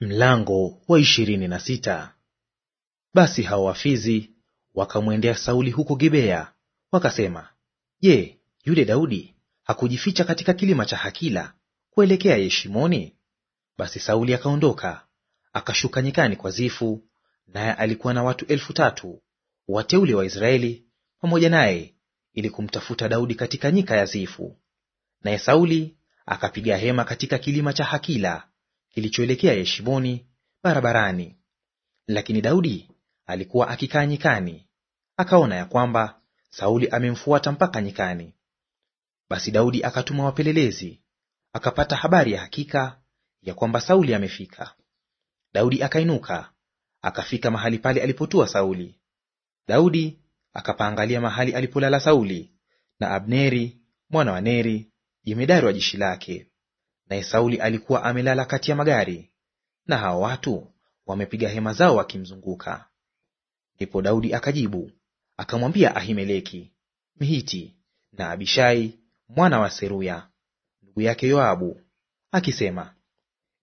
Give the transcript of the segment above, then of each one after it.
Mlango wa ishirini na sita. Basi hao wafizi wakamwendea Sauli huko Gibea, wakasema, Je, yule Daudi hakujificha katika kilima cha Hakila kuelekea Yeshimoni? Basi Sauli akaondoka akashuka nyikani kwa Zifu, naye alikuwa na watu elfu tatu wateule wa Israeli pamoja naye, ili kumtafuta Daudi katika nyika ya Zifu. Naye Sauli akapiga hema katika kilima cha Hakila kilichoelekea Yeshiboni barabarani. Lakini Daudi alikuwa akikaa nyikani, akaona ya kwamba Sauli amemfuata mpaka nyikani. Basi Daudi akatuma wapelelezi, akapata habari ya hakika ya kwamba Sauli amefika. Daudi akainuka akafika mahali pale alipotua Sauli. Daudi akapaangalia mahali alipolala Sauli na Abneri mwana wa Neri jemedari wa jeshi lake. Naye Sauli alikuwa amelala kati ya magari, na hao watu wamepiga hema zao wakimzunguka. Ndipo Daudi akajibu akamwambia Ahimeleki Mhiti na Abishai mwana wa Seruya ndugu yake Yoabu akisema,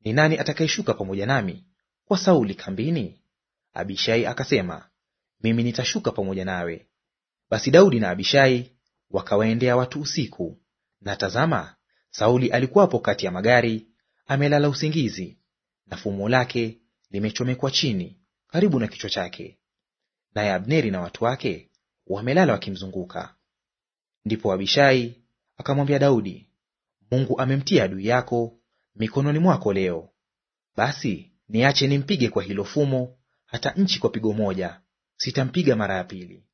ni nani atakayeshuka pamoja nami kwa Sauli kambini? Abishai akasema, mimi nitashuka pamoja nawe. Basi Daudi na Abishai wakawaendea watu usiku, na tazama, Sauli alikuwapo kati ya magari, amelala usingizi, na fumo lake limechomekwa chini karibu na kichwa chake, naye Abneri na watu wake wamelala wakimzunguka. Ndipo Abishai akamwambia Daudi, Mungu amemtia adui yako mikononi mwako leo, basi niache nimpige kwa hilo fumo hata nchi kwa pigo moja, sitampiga mara ya pili.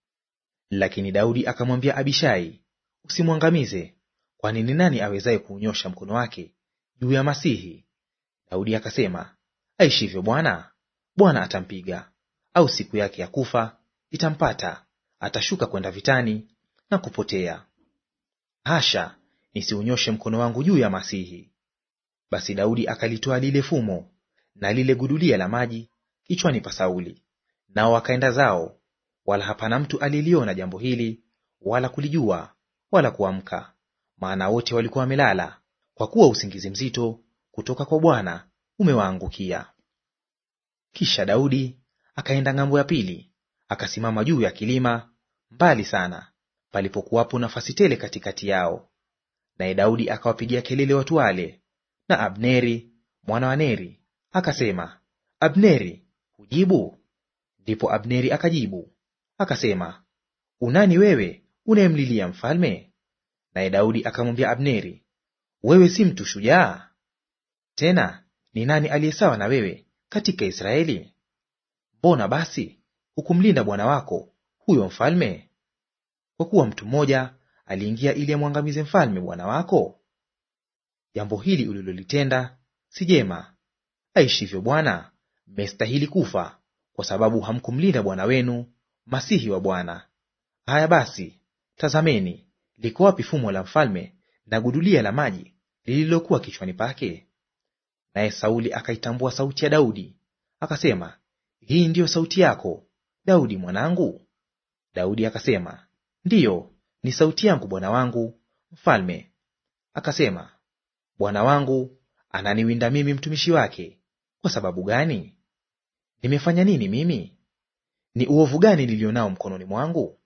Lakini Daudi akamwambia Abishai, usimwangamize, kwani ni nani awezaye kuunyosha mkono wake juu ya Masihi? Daudi akasema, aishivyo Bwana, Bwana atampiga, au siku yake ya kufa itampata, atashuka kwenda vitani na kupotea. Hasha, nisiunyoshe mkono wangu juu ya Masihi. Basi Daudi akalitoa lile fumo na lile gudulia la maji kichwani pa Sauli, nao wakaenda zao, wala hapana mtu aliliona jambo hili, wala kulijua, wala kuamka maana wote walikuwa wamelala, kwa kuwa usingizi mzito kutoka kwa Bwana umewaangukia. Kisha Daudi akaenda ng'ambo ya pili, akasimama juu ya kilima mbali sana, palipokuwapo nafasi tele katikati yao. Naye Daudi akawapigia kelele watu wale na Abneri mwana wa Neri akasema, Abneri, hujibu? Ndipo Abneri akajibu akasema, unani wewe unayemlilia mfalme? Naye Daudi akamwambia Abneri, wewe si mtu shujaa? Tena ni nani aliye sawa na wewe katika Israeli? Mbona basi hukumlinda bwana wako huyo mfalme? Kwa kuwa mtu mmoja aliingia ili amwangamize mfalme bwana wako? Jambo hili ulilolitenda si jema. Aishivyo Bwana, mmestahili kufa, kwa sababu hamkumlinda bwana wenu, masihi wa Bwana. Haya basi, tazameni liko wapi fumo la mfalme na gudulia la maji lililokuwa kichwani pake? Naye Sauli akaitambua sauti ya Daudi, akasema, hii ndiyo sauti yako Daudi mwanangu? Daudi akasema, ndiyo, ni sauti yangu bwana wangu mfalme. Akasema, bwana wangu ananiwinda mimi mtumishi wake kwa sababu gani? Nimefanya nini mimi? Ni uovu gani nilionao mkononi mwangu?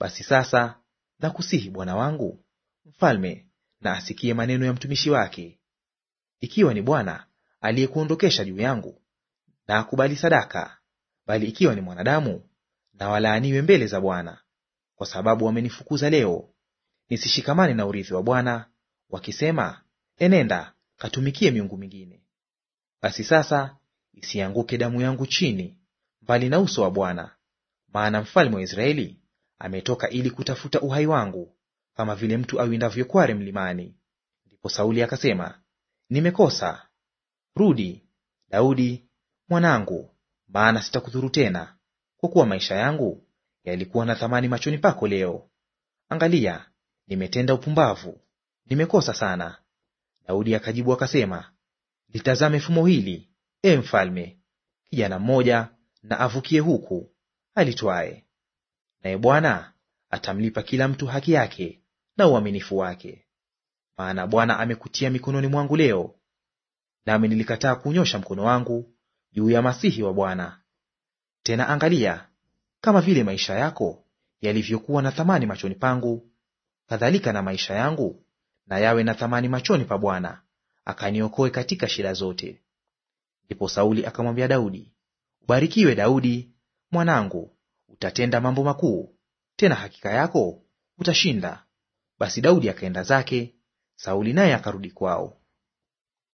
Basi sasa Nakusihi bwana wangu mfalme, na asikie maneno ya mtumishi wake. Ikiwa ni Bwana aliyekuondokesha juu yangu, na akubali sadaka; bali ikiwa ni mwanadamu, na walaaniwe mbele za Bwana, kwa sababu wamenifukuza leo, nisishikamane na urithi wa Bwana, wakisema, enenda katumikie miungu mingine. Basi sasa isianguke damu yangu chini mbali na uso wa Bwana, maana mfalme wa Israeli ametoka ili kutafuta uhai wangu, kama vile mtu awindavyo kware mlimani. Ndipo Sauli akasema, nimekosa; rudi Daudi mwanangu, maana sitakudhuru tena, kwa kuwa maisha yangu yalikuwa na thamani machoni pako leo. Angalia, nimetenda upumbavu, nimekosa sana. Daudi akajibu akasema, litazame fumo hili, e mfalme; kijana mmoja na avukie huku alitwaye naye Bwana atamlipa kila mtu haki yake na uaminifu wake. Maana Bwana amekutia mikononi mwangu leo, nami nilikataa kunyosha mkono wangu juu ya masihi wa Bwana. Tena angalia, kama vile maisha yako yalivyokuwa na thamani machoni pangu, kadhalika na maisha yangu na yawe na thamani machoni pa Bwana, akaniokoe katika shida zote. Ndipo Sauli akamwambia Daudi, Ubarikiwe Daudi mwanangu, utatenda mambo makuu, tena hakika yako utashinda. Basi Daudi akaenda zake, Sauli naye akarudi kwao.